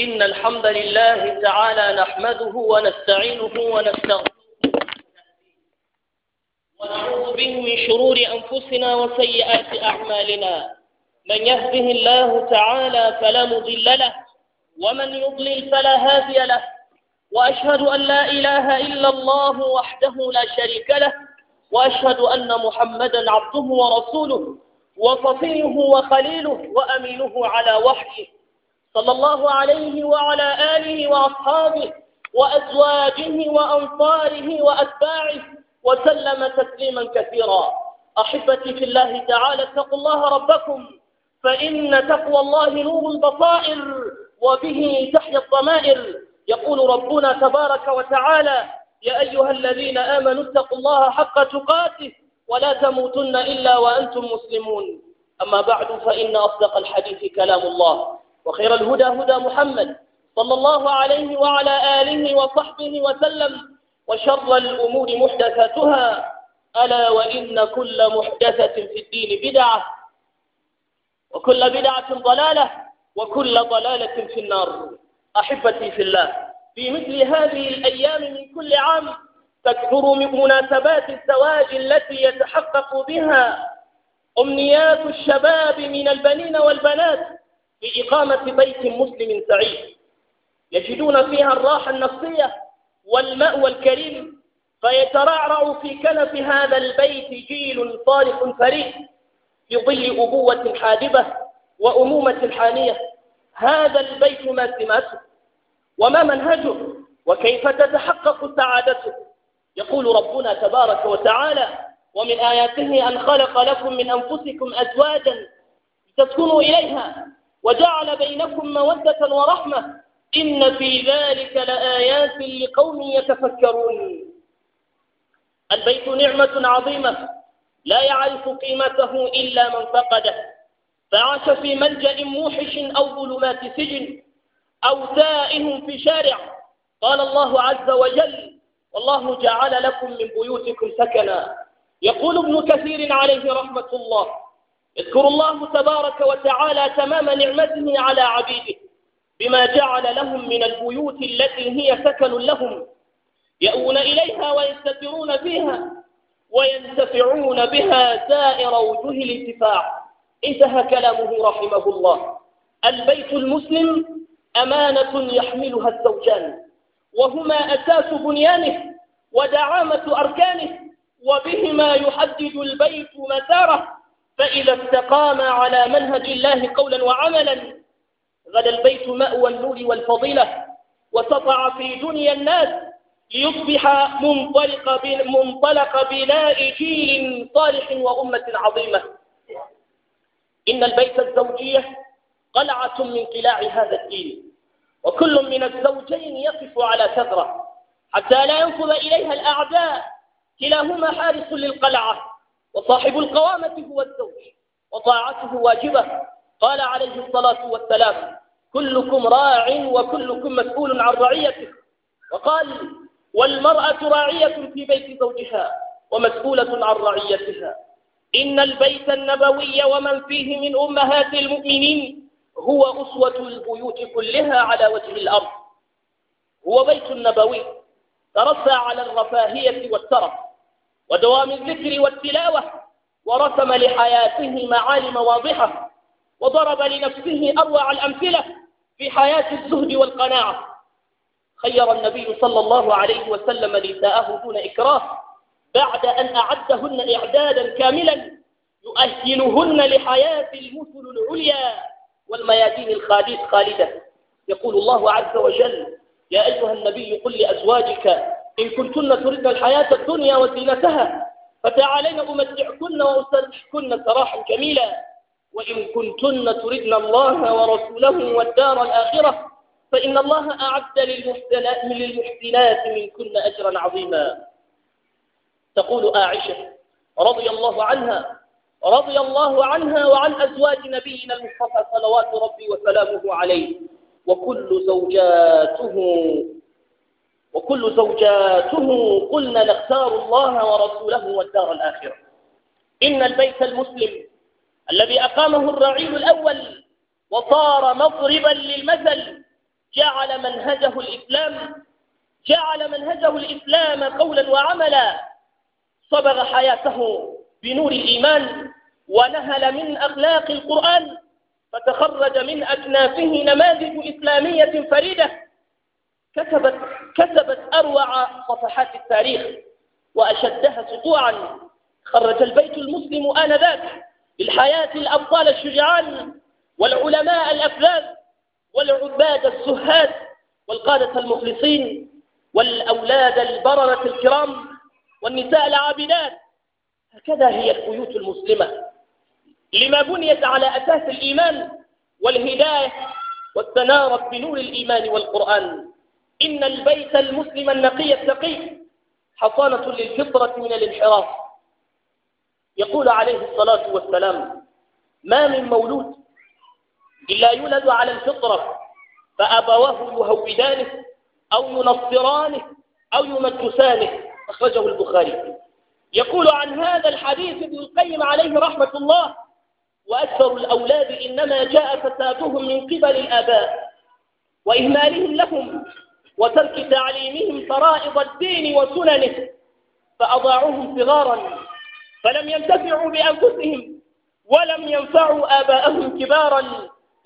إن الحمد لله تعالى نحمده ونستعينه ونستغفره ونعوذ به من شرور أنفسنا وسيئات أعمالنا من يهده الله تعالى فلا مضل له ومن يضلل فلا هادي له وأشهد أن لا إله إلا الله وحده لا شريك له وأشهد أن محمدا عبده ورسوله وصفيه وخليله وأمينه على وحيه صلى الله عليه وعلى آله وأصحابه وأزواجه وأنصاره وأتباعه وسلم تسليما كثيرا أحبتي في الله تعالى اتقوا الله ربكم فإن تقوى الله نور البصائر وبه تحيا الضمائر يقول ربنا تبارك وتعالى يا أيها الذين آمنوا اتقوا الله حق تقاته ولا تموتن إلا وأنتم مسلمون أما بعد فإن أصدق الحديث كلام الله وخير الهدى هدى محمد صلى الله عليه وعلى آله وصحبه وسلم وشر الأمور محدثاتها ألا وإن كل محدثة في الدين بدعة وكل بدعة ضلالة وكل ضلالة في النار أحبتي في الله في مثل هذه الأيام من كل عام تكثر من مناسبات الزواج التي يتحقق بها أمنيات الشباب من البنين والبنات بإقامة بيت مسلم سعيد يجدون فيها الراحة النفسية والمأوى الكريم فيترعرع في كنف هذا البيت جيل صالح فريد في ظل أبوة حادبة وأمومة حانية هذا البيت ما سماته وما منهجه وكيف تتحقق سعادته يقول ربنا تبارك وتعالى ومن آياته أن خلق لكم من أنفسكم أزواجا لتسكنوا إليها وجعل بينكم مودة ورحمة إن في ذلك لآيات لقوم يتفكرون البيت نعمة عظيمة لا يعرف قيمته إلا من فقده فعاش في ملجأ موحش أو ظلمات سجن أو تائه في شارع قال الله عز وجل والله جعل لكم من بيوتكم سكنا يقول ابن كثير عليه رحمة الله اذكر الله تبارك وتعالى تمام نعمته على عبيده بما جعل لهم من البيوت التي هي سكن لهم يأون إليها ويستترون فيها وينتفعون بها سائر وجه الانتفاع انتهى كلامه رحمه الله البيت المسلم أمانة يحملها الزوجان وهما أساس بنيانه ودعامة أركانه وبهما يحدد البيت مساره فإذا استقام على منهج الله قولا وعملا غدا البيت مأوى النور والفضيلة وسطع في دنيا الناس ليصبح منطلق منطلق بناء جيل صالح وأمة عظيمة إن البيت الزوجية قلعة من قلاع هذا الدين وكل من الزوجين يقف على ثغرة حتى لا ينفذ إليها الأعداء كلاهما حارس للقلعة وصاحب القوامة هو الزوج وطاعته واجبة قال عليه الصلاة والسلام كلكم راع وكلكم مسؤول عن رعيته وقال والمرأة راعية في بيت زوجها ومسؤولة عن رعيتها إن البيت النبوي ومن فيه من أمهات المؤمنين هو أسوة البيوت كلها على وجه الأرض هو بيت نبوي ترسى على الرفاهية والترف ودوام الذكر والتلاوة ورسم لحياته معالم واضحة وضرب لنفسه أروع الأمثلة في حياة الزهد والقناعة خير النبي صلى الله عليه وسلم نساءه دون إكراه بعد أن أعدهن إعدادا كاملا يؤهلهن لحياة المثل العليا والميادين الخالد خالدة يقول الله عز وجل يا أيها النبي قل لأزواجك إن كنتن تردن الحياة الدنيا وزينتها فتعالين أمتعكن وأسرحكن سراحا جميلا وإن كنتن تردن الله ورسوله والدار الآخرة فإن الله أعد للمحسنات للمحسنات منكن أجرا عظيما تقول عائشة رضي الله عنها رضي الله عنها وعن أزواج نبينا المصطفى صلوات ربي وسلامه عليه وكل زوجاته وكل زوجاته قلنا نختار الله ورسوله والدار الآخرة إن البيت المسلم الذي أقامه الرعيل الأول وصار مضربا للمثل جعل منهجه الإسلام جعل منهجه الإسلام قولا وعملا صبغ حياته بنور الإيمان ونهل من أخلاق القرآن فتخرج من أجنافه نماذج إسلامية فريدة كتبت كتبت أروع صفحات التاريخ وأشدها سطوعا خرج البيت المسلم آنذاك بالحياة الأبطال الشجعان والعلماء الأفلاس والعباد السهاد والقادة المخلصين والأولاد البررة الكرام والنساء العابدات هكذا هي البيوت المسلمة لما بنيت على أساس الإيمان والهداية واستنارت بنور الإيمان والقرآن إن البيت المسلم النقي التقي حصانة للفطرة من الانحراف يقول عليه الصلاة والسلام ما من مولود إلا يولد على الفطرة فأبواه يهودانه أو ينصرانه أو يمجسانه أخرجه البخاري يقول عن هذا الحديث ابن القيم عليه رحمة الله وأكثر الأولاد إنما جاء فسادهم من قبل الآباء وإهمالهم لهم وترك تعليمهم فرائض الدين وسننه فأضاعوهم صغارا فلم ينتفعوا بأنفسهم ولم ينفعوا آباءهم كبارا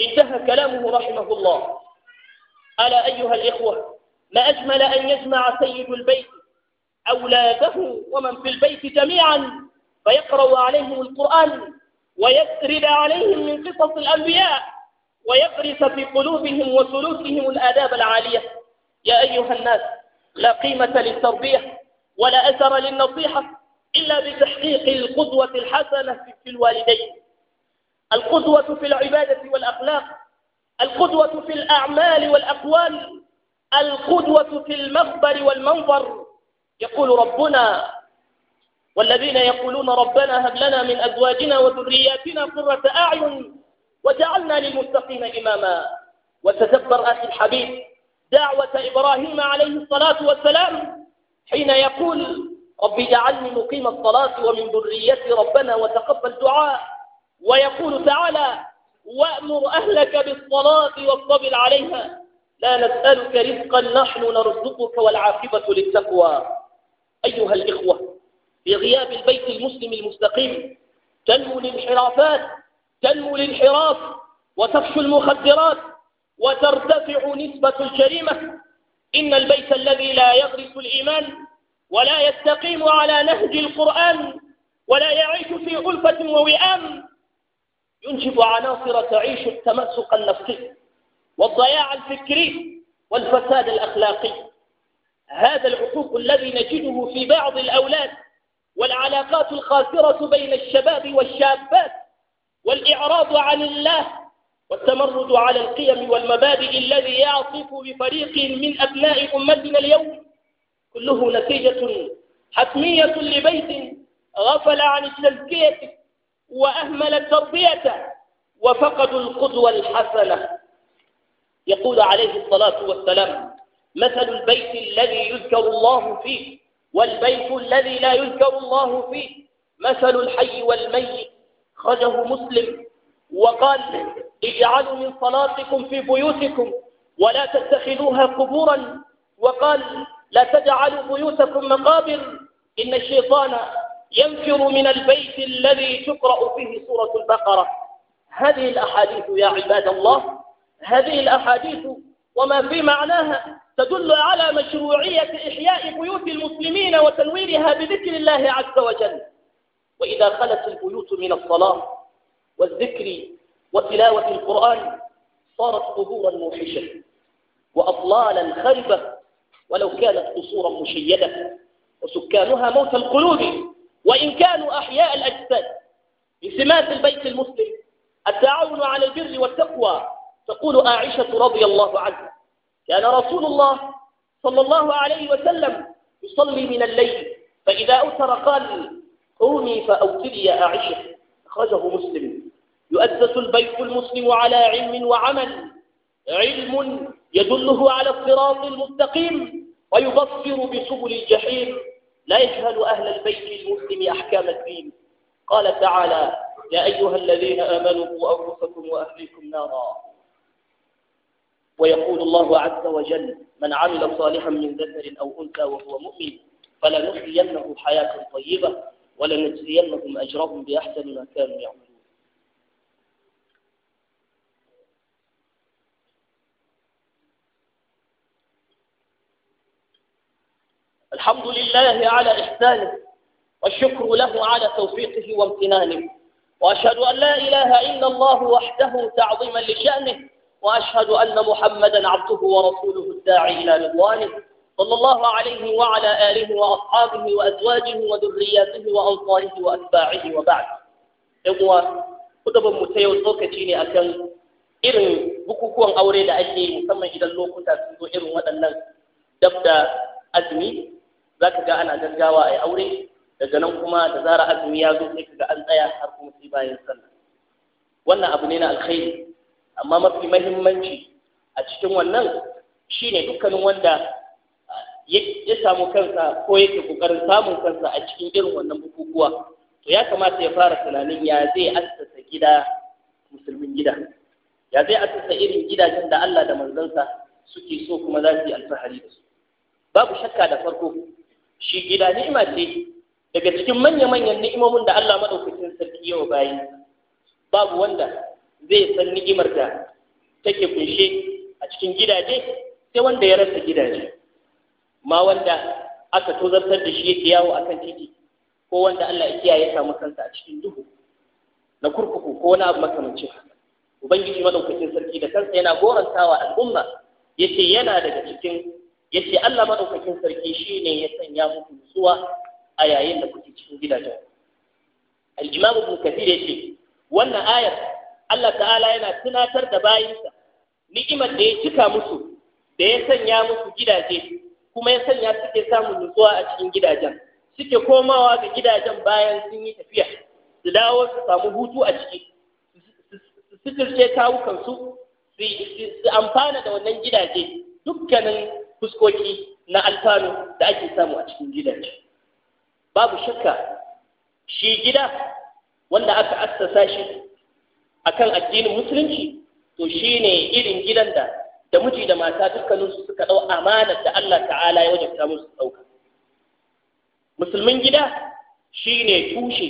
انتهى كلامه رحمه الله ألا أيها الإخوة ما أجمل أن يجمع سيد البيت أولاده ومن في البيت جميعا فيقرأ عليهم القرآن ويسرد عليهم من قصص الأنبياء ويغرس في قلوبهم وسلوكهم الآداب العالية يا أيها الناس لا قيمة للتربية ولا أثر للنصيحة إلا بتحقيق القدوة الحسنة في الوالدين القدوة في العبادة والأخلاق القدوة في الأعمال والأقوال القدوة في المخبر والمنظر يقول ربنا والذين يقولون ربنا هب لنا من أزواجنا وذرياتنا قرة أعين وجعلنا للمتقين إماما وتدبر أخي الحبيب دعوة إبراهيم عليه الصلاة والسلام حين يقول رب اجعلني مقيم الصلاة ومن ذريتي ربنا وتقبل دعاء ويقول تعالى وأمر أهلك بالصلاة واصطبر عليها لا نسألك رزقا نحن نرزقك والعاقبة للتقوى أيها الإخوة بغياب البيت المسلم المستقيم تنمو الانحرافات تنمو الانحراف وتفشو المخدرات وترتفع نسبة الجريمة إن البيت الذي لا يغرس الإيمان ولا يستقيم على نهج القرآن ولا يعيش في ألفة ووئام ينجب عناصر تعيش التمسك النفسي والضياع الفكري والفساد الأخلاقي هذا العقوق الذي نجده في بعض الأولاد والعلاقات الخاسرة بين الشباب والشابات والإعراض عن الله والتمرد على القيم والمبادئ الذي يعصف بفريق من أبناء أمتنا اليوم كله نتيجة حتمية لبيت غفل عن التزكية وأهمل التربية وفقدوا القدوة الحسنة يقول عليه الصلاة والسلام مثل البيت الذي يذكر الله فيه والبيت الذي لا يذكر الله فيه مثل الحي والميت خرجه مسلم وقال اجعلوا من صلاتكم في بيوتكم ولا تتخذوها قبورا وقال لا تجعلوا بيوتكم مقابر إن الشيطان ينفر من البيت الذي تقرأ فيه سورة البقرة هذه الأحاديث يا عباد الله هذه الأحاديث وما في معناها تدل على مشروعية إحياء بيوت المسلمين وتنويرها بذكر الله عز وجل وإذا خلت البيوت من الصلاة والذكر وتلاوة القرآن صارت قبورا موحشة وأطلالا خربة ولو كانت قصورا مشيدة وسكانها موت القلوب وإن كانوا أحياء الأجساد بسمات البيت المسلم التعاون على البر والتقوى تقول عائشة رضي الله عنها كان رسول الله صلى الله عليه وسلم يصلي من الليل فإذا أوتر قال قومي فأوتري يا عائشة أخرجه مسلم يؤسس البيت المسلم على علم وعمل علم يدله على الصراط المستقيم ويبصر بسبل الجحيم لا يجهل أهل البيت المسلم أحكام الدين قال تعالى يا أيها الذين آمنوا أنفسكم وأهليكم نارا ويقول الله عز وجل من عمل صالحا من ذكر أو أنثى وهو مؤمن فلنحيينه حياة طيبة ولنجزينهم أجرهم بأحسن ما كانوا يعملون الحمد لله على إحسانه والشكر له على توفيقه وامتنانه وأشهد أن لا إله إلا الله وحده تعظيما لشأنه وأشهد أن محمدا عبده ورسوله الداعي إلى رضوانه صلى الله عليه وعلى آله وأصحابه وأزواجه وذرياته وأنصاره وأتباعه وبعد إخوة كتب متيو سوكتيني أكن irin bukukuwan aure da ake musamman idan lokuta sun zo irin waɗannan za ka ga ana gaggawa a yi aure daga nan kuma da zara azumi ya zo sai ga an tsaya har kuma sai bayan sallah wannan abu ne na alkhairi amma mafi mahimmanci a cikin wannan shine dukkanin wanda ya samu kansa ko yake kokarin samun kansa a cikin irin wannan bukukuwa to ya kamata ya fara tunanin ya zai assasa gida musulmin gida ya zai assasa irin gidajen da Allah da manzansa suke so kuma za su yi alfahari da su babu shakka da farko shi gida ni'ima ce daga cikin manya-manyan ni'imomin da Allah madaukakin sarki yau bayi babu wanda zai san ni'imar da take kunshe a cikin gidaje sai wanda ya rasa gidaje ma wanda aka tozartar da shi yake yawo akan titi ko wanda Allah ya kiyaye samu kansa a cikin duhu na kurkuku ko wani abu makamancin ubangiji madaukakin sarki da kansa yana gorantawa al'umma yace yana daga cikin yace Allah madaukakin sarki shine ya sanya muku nutsuwa a yayin da kuke cikin gidajen al-imam ibn kathir yace wannan ayar Allah ta'ala yana tunatar da bayinsa ni'imar da ya cika musu da ya sanya musu gidaje kuma ya sanya suke samun nutsuwa a cikin gidajen suke komawa ga gidajen bayan sun yi tafiya su dawo su samu hutu a ciki su suturce kawukansu su amfana da wannan gidaje dukkanin fuskoki na alfanu da ake samu a cikin gidaje babu shakka shi gida wanda aka assasa shi akan addinin musulunci to shine irin gidan da da miji da mata dukkaninsu suka ɗau amanar da Allah ta'ala ya wajabta musu ɗauka musulmin gida shine tushe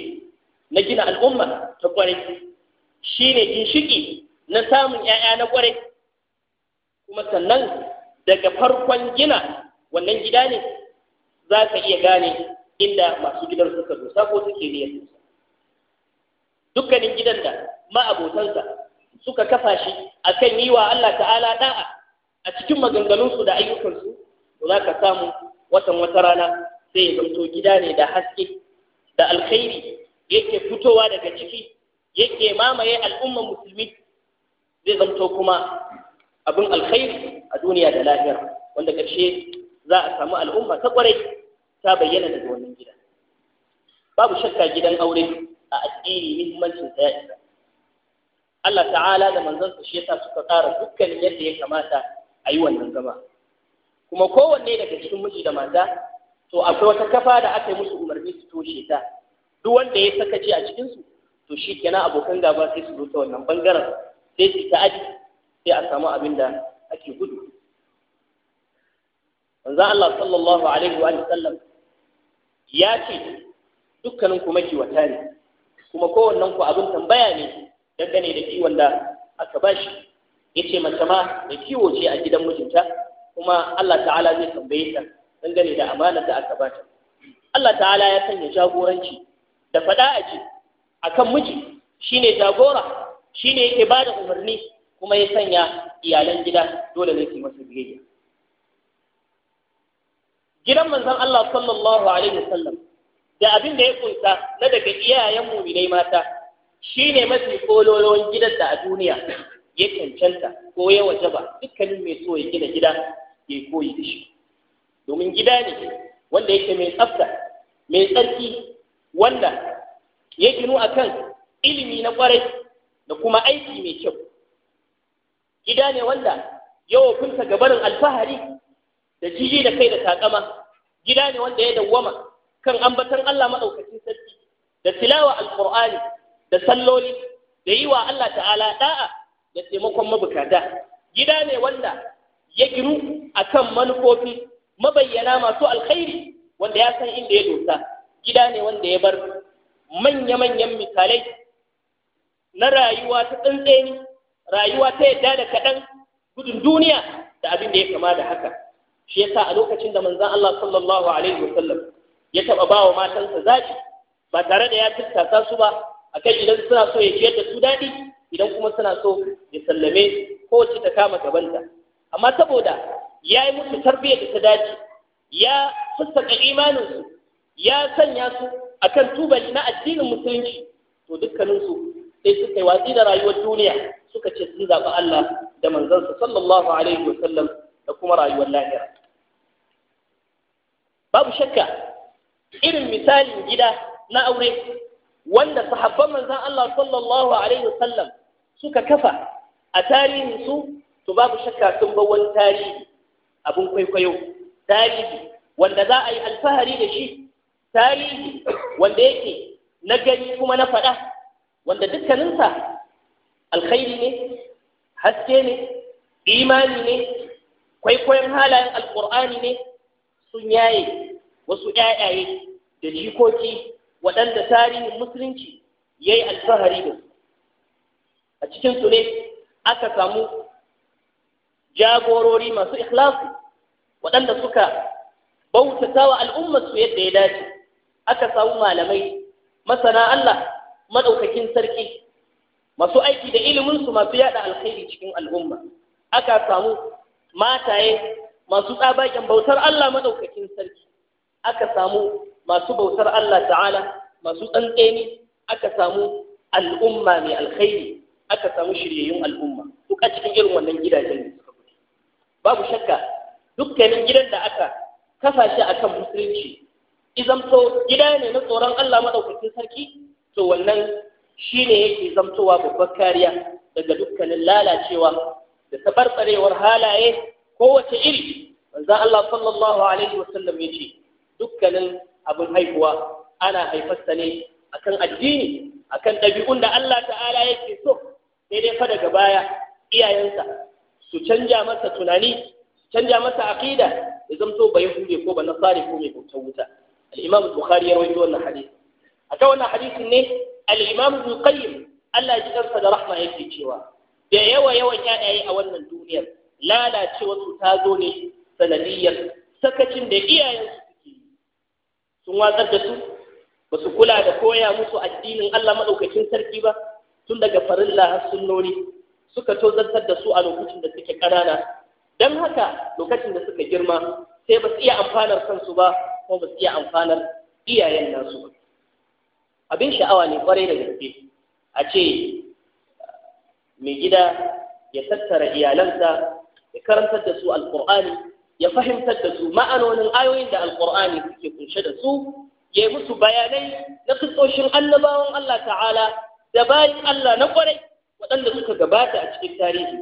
na gina al'umma ta shi shine ginshiki na samun 'ya'ya na kwarai kuma sannan daga farkon gina wannan gida ne za ka iya gane inda masu gidan suka zo ko suke ne dukkanin gidan da ma'abotansa suka kafa shi kan yi wa Allah ta'ala da'a a cikin maganganunsu da ayyukansu to za ka samu watan wata rana sai ya zanto gida ne da haske da alkhairi yake fitowa daga ciki yake mamaye al'umman musulmi zai zanto kuma abin alkhairi a duniya da lahira wanda ƙarshe za a samu al'umma ta ƙwarai ta bayyana daga wannan gida babu shakka gidan aure a addini muhimmancin sa isa Allah ta'ala da sa shi yasa suka tsara dukkanin yadda ya kamata a yi wannan zama kuma kowanne daga cikin miji da mata to akwai wata kafa da aka yi musu umarni su toshe ta duk wanda ya saka sakaci a cikin su to shi kenan abokan gaba sai su zo ta wannan bangaren sai su ta aji sai a samu abin da ake gudu manzo Allah sallallahu alaihi wa sallam ya ce dukkanin ku makiwata ne kuma kowannen ku abin tambaya ne dangane da kiwon da aka bashi yace mace ma da kiwo ce a gidan mijinta kuma Allah ta'ala zai tambaye ta dangane da amanar da aka bata Allah ta'ala ya sanya jagoranci da faɗa a a akan miji shine jagora ne yake bada umarni kuma ya sanya iyalan gida dole ne su masa biyayya gidan manzon Allah sallallahu alaihi wasallam da abin da ya kunsa na daga iyayen mu'minai mata shine mafi kololon gidan da a duniya ya cancanta ko ya wajaba dukkanin mai so ya gina gida ya koyi da shi domin gida ne wanda yake mai tsafta mai tsarki wanda ya ginu akan ilimi na kwarai da kuma aiki mai kyau gida ne wanda yawa kunsa gabarin alfahari da jiji da kai da takama gida ne wanda ya dawwama kan ambatan Allah maɗaukacin sarki da tilawa alqur'ani da salloli da yi wa Allah ta'ala da'a da taimakon mabukata gida ne wanda ya giru akan manufofi mabayyana masu alkhairi wanda ya san inda ya dosa gida ne wanda ya bar manya-manyan misalai na rayuwa ta tsantseni rayuwa ta yadda da kaɗan gudun duniya da abin da ya kama da haka shi yasa a lokacin da manzon Allah sallallahu alaihi wasallam ya taba bawa matansa zaki ba tare da ya tattasa su ba akan idan suna so ya ciyar da su daɗi idan kuma suna so ya sallame ko kowace ta kama gabanta amma saboda ya yi musu tarbiyyar da ta dace ya imanin su ya sanya su akan tubali na addinin musulunci to su sai suka yi watsi da rayuwar duniya suka ce sun zaɓi Allah da manzansa sallallahu alaihi wa sallam da kuma rayuwar lahira babu shakka irin misalin gida na aure wanda sahabban manzan Allah sallallahu alaihi wasallam suka kafa a tarihin su to babu shakka sun bar wani tarihi abun kwaikwayo tarihi wanda za a yi alfahari da shi tarihi wanda yake na gani kuma na faɗa wanda dukkaninsa alkhairi ne haske ne imani ne kwaikwayon halayen alƙur'ani ne sun yaye wasu ƴaƴaye da jikoki waɗanda tarihin musulunci ya yi alfahari da su a cikinsu ne aka samu jagorori masu ikhlasu waɗanda suka bautata wa al'ummarsu yadda ya dace aka samu malamai masana Allah maɗaukakin sarki masu aiki da iliminsu masu yada alkhairi cikin al'umma aka samu mataye masu tsabagen bautar Allah madaukakin sarki aka samu masu bautar Allah ta'ala masu tsantseni aka samu al'umma mai alkhairi aka samu shiryayyun al'umma duk a cikin irin wannan gidajen ne babu shakka dukkanin gidan da aka kafa shi akan musulunci izamto gida ne na tsoron Allah madaukakin sarki to wannan shine yake zamtowa babbar kariya daga dukkanin lalacewa da tsarewar halaye kowace iri manzon Allah sallallahu alaihi wasallam ya ce dukkanin abin haihuwa ana haifarsa ne akan addini akan ɗabi'un da Allah ta'ala yake so sai dai fa daga baya iyayensa su canja masa tunani su canja masa aqida ya zamto bai hude ko ba nasari ko mai bauta wuta al-imam bukhari ya rawaito wannan hadisi akan wannan hadisin ne al-imam qayyim Allah ya ji da rahma yake cewa da yawa yawan ƴaƴaye a wannan duniyar lalacewa su ta zo ne sanadiyyar sakacin da iyayen su suke sun watsar da su ba su kula da koya musu addinin Allah maɗaukakin sarki ba tun daga farilla sun suka tozartar da su a lokacin da suke ƙanana don haka lokacin da suka girma sai ba su iya amfanar kansu ba ko ba su iya amfanar iyayen nasu ba abin sha'awa ne kwarai da gaske a ce mai gida ya tattara iyalansa ya karantar da su alqur'ani ya fahimtar da su ma'anonin ayoyin da alkur'ani suke kunshe da su ya yi musu bayanai na kistoshin annabawan Allah ta'ala da bayan Allah na kwarai waɗanda suka gabata a cikin tarihi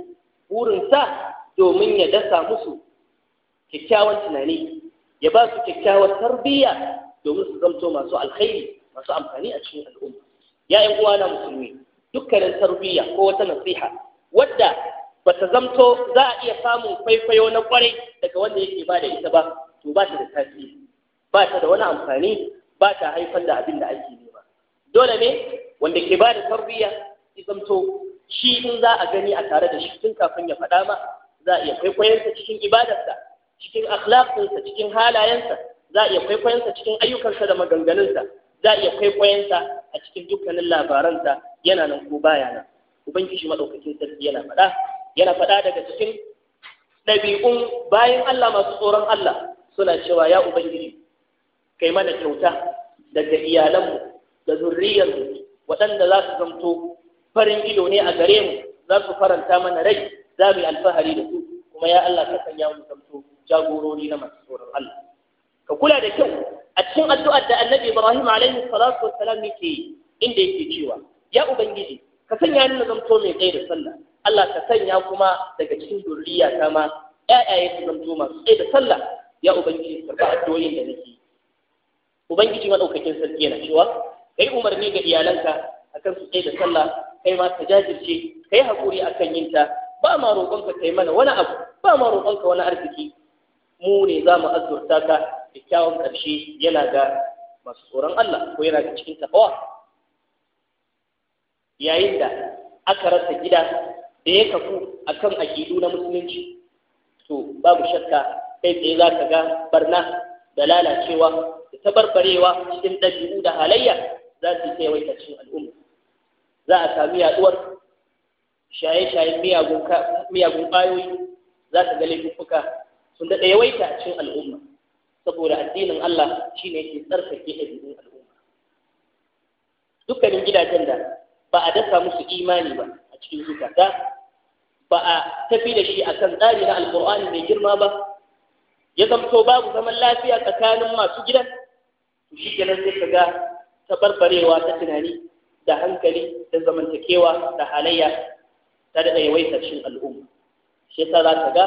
burinsa domin ya dasa musu kyakkyawan tunani ya ba su kyakkyawar tarbiyya domin su zamto masu alkhairi masu amfani a cikin al'umma ya uwa na musulmi dukkanin tarbiyya ko wata nasiha wadda ba ta zamto za a iya samun kwaikwayo na kwarai daga wanda yake ba da ita ba to ba ta da tasiri ba ta da wani amfani ba ta haifar da abin da ake nema dole ne wanda ke ba da tarbiyya ya zamto shi in za a gani a tare da shi tun kafin ya faɗa ma za a iya kwaikwayonsa cikin ibadarsa cikin akhlaqinsa cikin halayensa za a iya kwaikwayonsa cikin ayyukansa da maganganunsa za a iya kwaikwayonsa a cikin dukkanin labaransa yana nan ko baya nan ubangiji madaukakin sarki yana faɗa yana faɗa daga cikin ɗabi'un bayan Allah masu tsoron Allah suna cewa ya ubangiji kai mana kyauta daga iyalanmu da zurriyarmu waɗanda za su zamto farin ido ne a gare mu za su faranta mana rai za mu yi alfahari da su kuma ya Allah ka sanya mu zamto jagorori na masu tsoron Allah ka kula da kyau a cikin addu'ar da annabi ibrahim alaihi salatu wassalam yake yi inda yake cewa ya ubangiji ka sanya ni na zamto mai tsaye da sallah Allah ka sanya kuma daga cikin zuriya ta ma ƴaƴaye su zamto masu tsaye da sallah ya ubangiji ka ba addu'o'in da nake ubangiji madaukakin sarki yana cewa kai umarni ga iyalanka akan su tsaye da sallah kai ma ka jajirce kai hakuri akan kan yinta. ba ma roƙonka kai mana wani abu ba ma roƙonka wani arziki mu ne za mu azurta ka kyakkyawan ƙarshe yana ga masu tsoron Allah ko yana ga cikin tabawa yayin da aka rasa gida da ya kafu a kan aƙidu na musulunci to babu shakka kai tsaye za ka ga barna da lalacewa da tabarbarewa cikin ɗabi'u da halayya za su kai wai cikin al'umma za a sami yaɗuwar shaye-shayen miyagun ƙwayoyi za ka ga fuka. sun daɗa yawaita a cikin al'umma saboda addinin Allah shi ne ke tsarkake cikin al'umma dukkanin gidajen da ba a dasa musu imani ba a cikin zukata ba a tafi da shi a kan tsari na alƙur'ani mai girma ba ya zamto babu zaman lafiya tsakanin masu gidan to shi kenan sai ka ga tabarbarewa ta tunani da hankali da zamantakewa da halayya ta daɗa yawaita cikin al'umma shi yasa za ka ga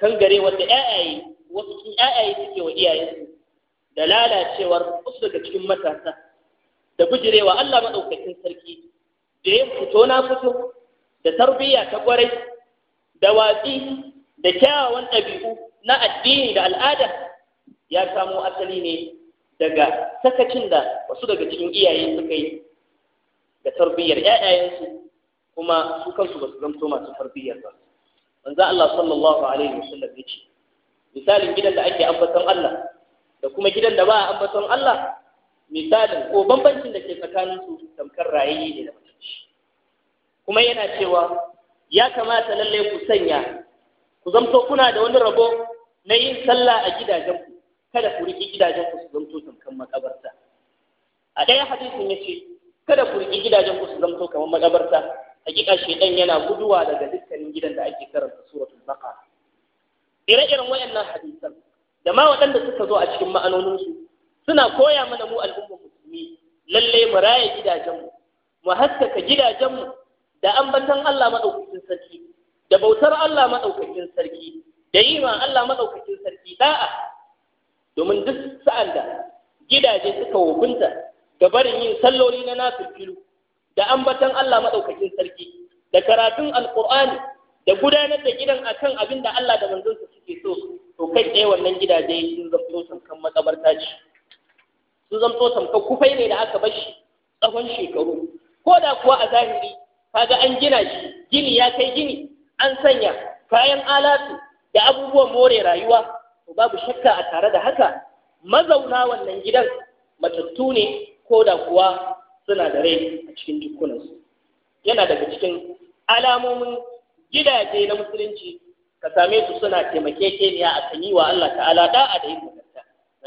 kangare wanda ƴaƴaye wasu sun ƴaƴaye suke wa iyayensu da lalacewar wasu daga cikin matasa da bijirewa Allah maɗaukakin sarki da yin fito na fito da tarbiyya ta ƙwarai da watsi da kyawawan ɗabi'u na addini da al'ada ya samo asali ne daga sakacin da wasu daga cikin iyaye suka yi da tarbiyyar ƴaƴayensu, kuma su kansu ba su zamto masu tarbiyyar ba manzo Allah sallallahu alaihi wasallam ya ce misalin gidan da ake ambaton Allah da kuma gidan da ba a ambaton Allah misalin ko bambancin da ke tsakanin su tamkar rayayi ne da mutunci kuma yana cewa ya kamata lalle ku sanya ku zamto kuna da wani rabo na yin sallah a gidajenku kada ku riƙi gidajenku su zamto tamkar makabarta a ɗaya hadisin ya ce kada ku riƙi gidajenku su zamto kamar makabarta hakika shedan yana guduwa daga dukkan gidan da ake karanta suratul baqara ire-iren wayannan hadisan da ma waɗanda suka zo a cikin ma'anoninsu suna koya mana mu al'ummar musulmi lallai mu raya gidajenmu mu haskaka gidajenmu da ambatan Allah maɗaukakin sarki da bautar Allah maɗaukakin sarki da yi ma Allah maɗaukakin sarki da'a domin duk sa'an da gidaje suka hukunta da barin yin salloli na nasu filu da ambatan Allah maɗaukakin sarki da karatun alqur'ani da gudanar da gidan akan abin da Allah da manzonsa suke so to kai tsaye wannan gidaje sun zamto tamkar makabarta ce sun zamto tamkar kufai ne da aka bar shi tsawon shekaru ko da kuwa a zahiri kaga an gina shi gini ya kai gini an sanya kayan alatu da abubuwan more rayuwa to babu shakka a tare da haka mazauna wannan gidan matattu ne ko da kuwa suna da rai a cikin jikunansu yana daga cikin alamomin gidaje na musulunci ka same su suna taimakekeniya a kan yi wa Allah ta'ala da'a da yin mutunta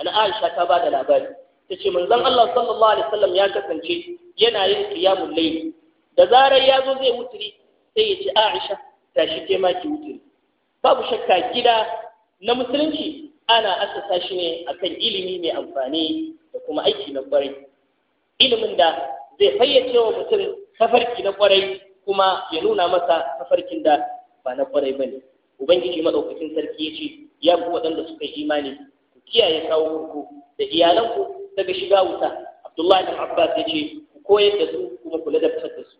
na Aisha ta ba da labari ta ce manzon Allah sallallahu alaihi wasallam ya kasance yana yin qiyamul layl da zarar ya zo zai wuturi sai ya ce Aisha tashi ke ma ki wuturi babu shakka gida na musulunci ana asasa shi ne akan ilimi mai amfani da kuma aiki na kwarai ilimin da zai fayyace wa mutum tafarki na kwarai kuma ya nuna masa mafarkin da ba na kwarai ba ne ubangiji maɗaukakin sarki ya ce ya fi waɗanda suka yi imani ku kiyaye kawo ku da iyalanku daga shiga wuta abdullahi bin abbas ya ce ku koyar da su kuma ku ladabtar da su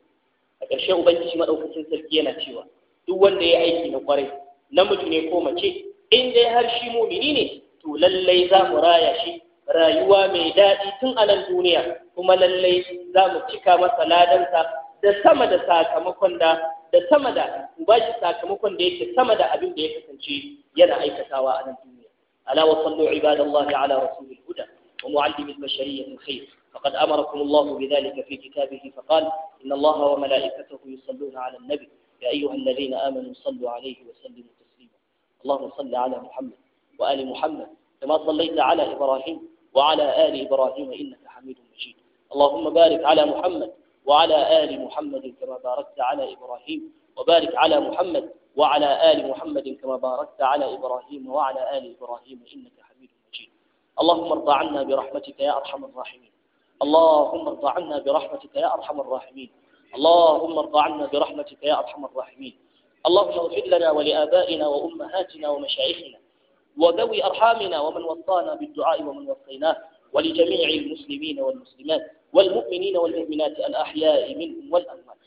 a ƙarshe ubangiji maɗaukakin sarki yana cewa duk wanda ya aiki na kwarai namiji ne ko mace in dai har shi mumini ne to lallai za mu raya shi rayuwa mai daɗi tun a nan duniya kuma lallai za mu cika masa ladansa da sama da sakamakon da da sama da ubaji sakamakon da yake sama da abin da ya kasance yana aikatawa a nan duniya ala wa sallu ibadallah ala rasulil huda wa muallim al-bashariyya al-khair faqad amarakum Allah bidhalika fi kitabihi faqala inna Allah wa malaikatahu yusalluna ala an-nabi ya ayyuha alladhina amanu sallu alayhi wa sallimu taslima Allahumma salli ala Muhammad wa ali Muhammad kama sallaita ala Ibrahim wa ala ali Ibrahim innaka Hamidum Majid Allahumma barik ala Muhammad وعلى آل محمد كما باركت على إبراهيم وبارك على محمد وعلى آل محمد كما باركت على إبراهيم وعلى آل إبراهيم إنك حميد مجيد اللهم ارض عنا برحمتك يا أرحم الراحمين اللهم ارض عنا برحمتك يا أرحم الراحمين اللهم ارض عنا برحمتك يا أرحم الراحمين اللهم اغفر لنا ولآبائنا وأمهاتنا ومشايخنا وذوي أرحامنا ومن وصانا بالدعاء ومن وصيناه ولجميع المسلمين والمسلمات والمؤمنين والمؤمنات الأحياء منهم والأموات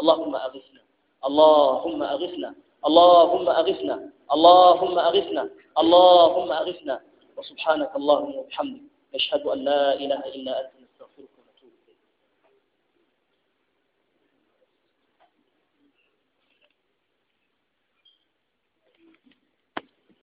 اللهم أغثنا اللهم أغثنا اللهم أغثنا اللهم أغثنا اللهم أغثنا وسبحانك اللهم وبحمدك نشهد أن لا إله إلا أنت